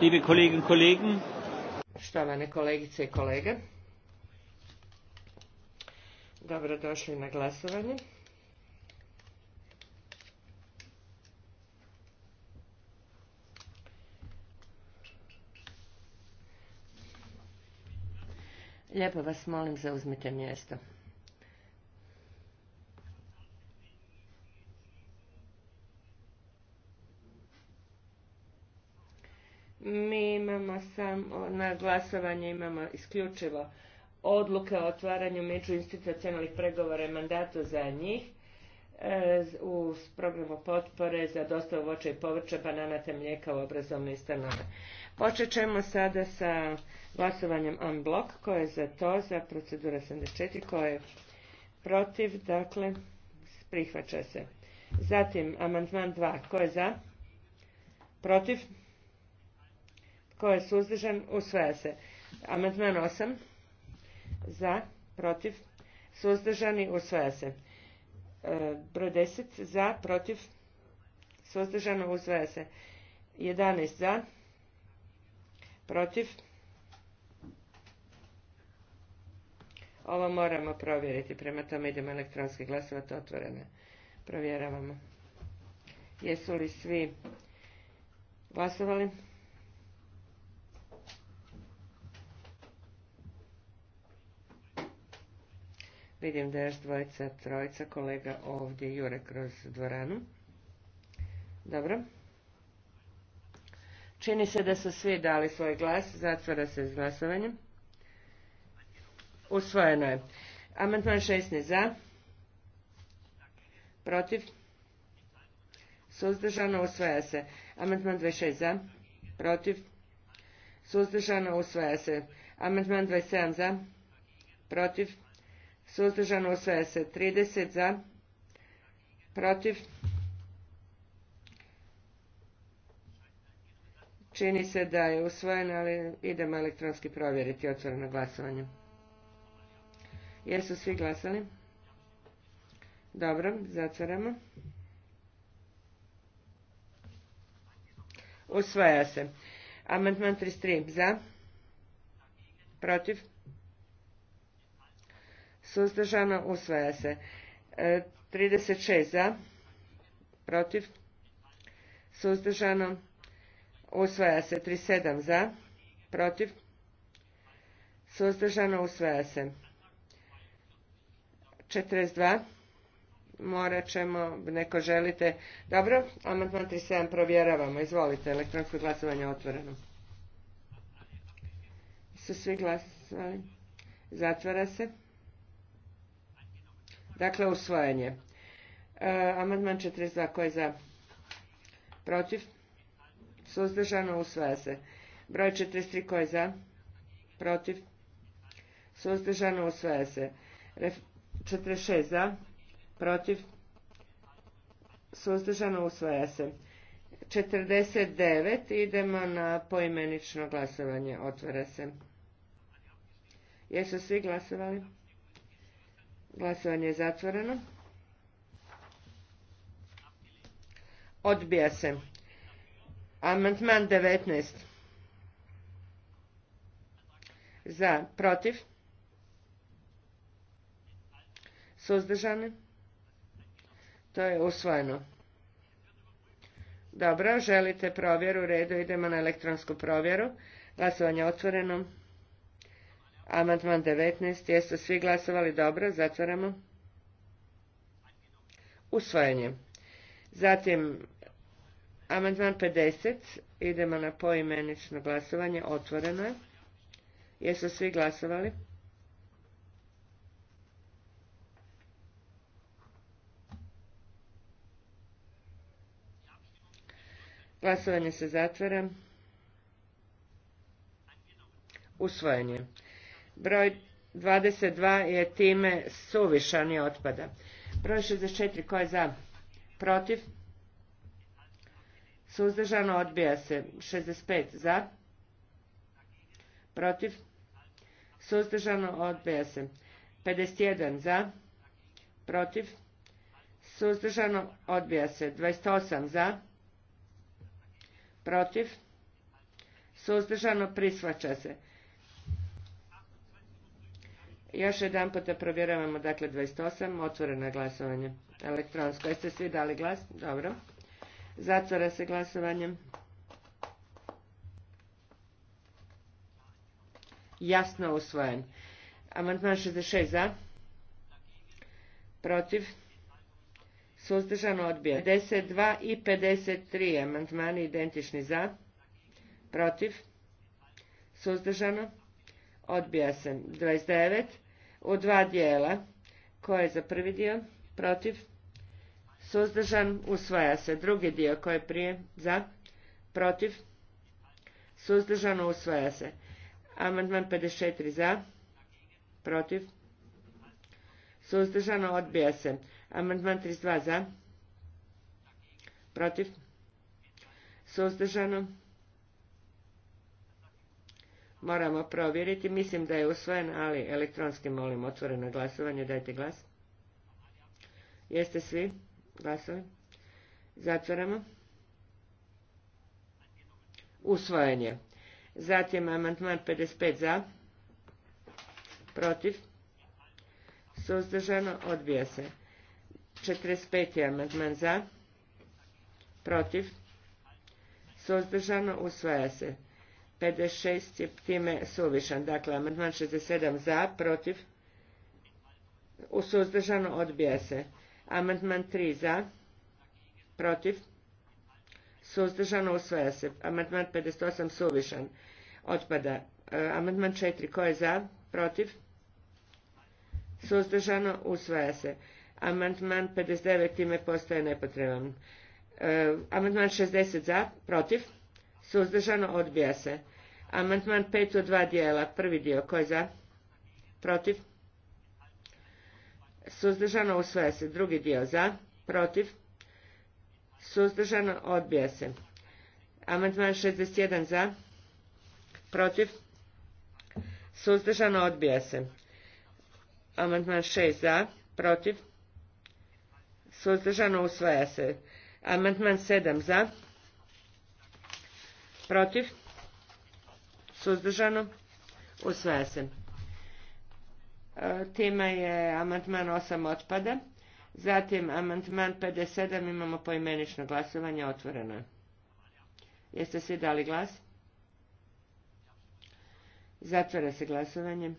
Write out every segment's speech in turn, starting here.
liebe Kolleginnen und Kollegen. Štovane kolegice i kolege. Dobrodošli na glasovanje. Lijepo vas molim zauzmite mjesto. Mi imamo sam, na glasovanje imamo isključivo odluke o otvaranju međuinstitucionalnih pregovora i mandatu za njih e, u programu potpore za dostavu voća i povrća, banana te mlijeka u obrazovne stanove. Počet ćemo sada sa glasovanjem blok koje je za to, za procedura 74, koje je protiv, dakle, prihvaća se. Zatim, amandman 2, koje je za, protiv, tko je suzdržan? Usvaja se. Amandman 8. Za. Protiv. Suzdržani. Usvaja se. E, broj 10. Za. Protiv. Suzdržano. Usvaja se. 11. Za. Protiv. Ovo moramo provjeriti. Prema tome idemo elektronski glasovati otvorene. Provjeravamo. Jesu li svi glasovali? Vidim da je još dvojica, trojica kolega ovdje jure kroz dvoranu. Dobro. Čini se da su svi dali svoj glas. Zatvara se s glasovanjem. Usvojeno je. Amandman 16 za. Protiv. Suzdržano usvaja se. Amandman 26 za. Protiv. Suzdržano usvaja se. Amandman 27 za. Protiv suzdržano usvaja se 30 za, protiv, čini se da je usvojeno, ali idemo elektronski provjeriti otvoreno glasovanje. Jesu svi glasali? Dobro, zatvaramo. Usvaja se. Amandman 33 za, protiv, suzdržano, usvaja se. 36 e, za, protiv, suzdržano, usvaja se. 37 za, protiv, suzdržano, usvaja se. 42 morat ćemo, neko želite. Dobro, amandman sedam provjeravamo. Izvolite, elektronsko glasovanje otvoreno. Su svi glasovali? Zatvara se. Dakle, usvajanje. E, amandman 42. Ko je za? Protiv? Suzdržano usvaja se. Broj 43. Ko je za? Protiv? Suzdržano usvaja se. 46. Za? Protiv? Suzdržano usvaja se. 49. Idemo na poimenično glasovanje. Otvara se. Jesu svi glasovali? Glasovanje je zatvoreno. Odbija se. Amantman 19. Za. Protiv. Suzdržani. To je usvojeno. Dobro, želite provjeru, u redu, idemo na elektronsku provjeru. Glasovanje otvoreno. Amandman 19. Jeste svi glasovali dobro? Zatvaramo. Usvojenje. Zatim, amandman 50. Idemo na poimenično glasovanje. Otvoreno je. Jesu svi glasovali? Glasovanje se zatvara. Usvojenje. Broj 22 je time suvišan i otpada. Broj 64 ko je za? Protiv? Suzdržano odbija se. 65 za? Protiv? Suzdržano odbija se. 51 za? Protiv? Suzdržano odbija se. 28 za? Protiv? Suzdržano prisvaća se. Još jedanput da provjeravamo, dakle 28, otvoreno glasovanje elektronsko. Jeste svi dali glas? Dobro. Zatvara se glasovanje. Jasno usvojen. Amandman 66 za. Protiv. Suzdržano odbija. 52 i 53 amandmani identični za. Protiv. Suzdržano. Odbija se. 29 u dva dijela. koje je za prvi dio? Protiv? Suzdržan? Usvaja se. Drugi dio koje je prije? Za? Protiv? Suzdržano? Usvaja se. Amandman 54 za? Protiv? Suzdržano? Odbija se. Amandman 32 za? Protiv? Suzdržano? moramo provjeriti. Mislim da je usvojen, ali elektronski molim otvoreno glasovanje. Dajte glas. Jeste svi glasovi? Zatvaramo. Usvojen je. Zatim amantman 55 za. Protiv. Suzdržano. Odbija se. 45. amantman za. Protiv. Suzdržano. Usvaja se. 56 je time suvišan. Dakle, amandman 67 za, protiv, suzdržano odbija se. Amandman 3 za, protiv, suzdržano usvaja se. Amandman 58 suvišan, otpada. E, amandman 4 ko je za, protiv, suzdržano usvaja se. Amandman 59 time postaje nepotreban. E, amandman 60 za, protiv, Suzdržano odbija se. Amandman pet dva dijela. Prvi dio koji za? Protiv? Suzdržano usvaja se. Drugi dio za? Protiv? Suzdržano odbija se. Amandman 61 za? Protiv? Suzdržano odbija se. Amandman 6 za? Protiv? Suzdržano usvaja se. Amandman 7 za? Protiv? Suzdržano? Usvaja se. E, time je amantman 8 otpada. Zatim amantman 57 imamo poimenično glasovanje otvoreno. Jeste svi dali glas? Zatvara se glasovanje.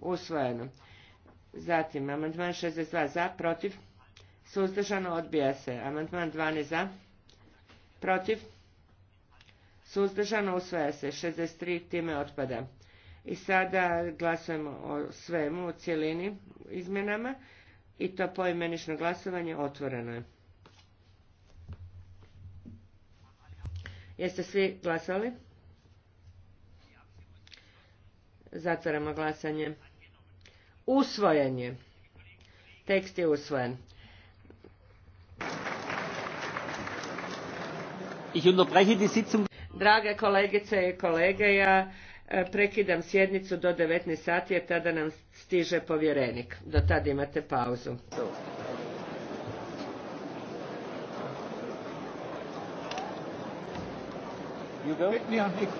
Usvojeno. Zatim, amantman 62 za, protiv, suzdržano, odbija se. Amantman 12 za, protiv, suzdržano, usvaja se. 63 time otpada. I sada glasujemo o svemu, u cjelini izmjenama i to poimenično glasovanje otvoreno je. Jeste svi glasali? Zatvaramo glasanje. Usvojen je. Tekst je usvojen. Ich unterbreche die Drage kolegice i kolege, ja e, prekidam sjednicu do 19 sati jer tada nam stiže povjerenik. Do tada imate pauzu.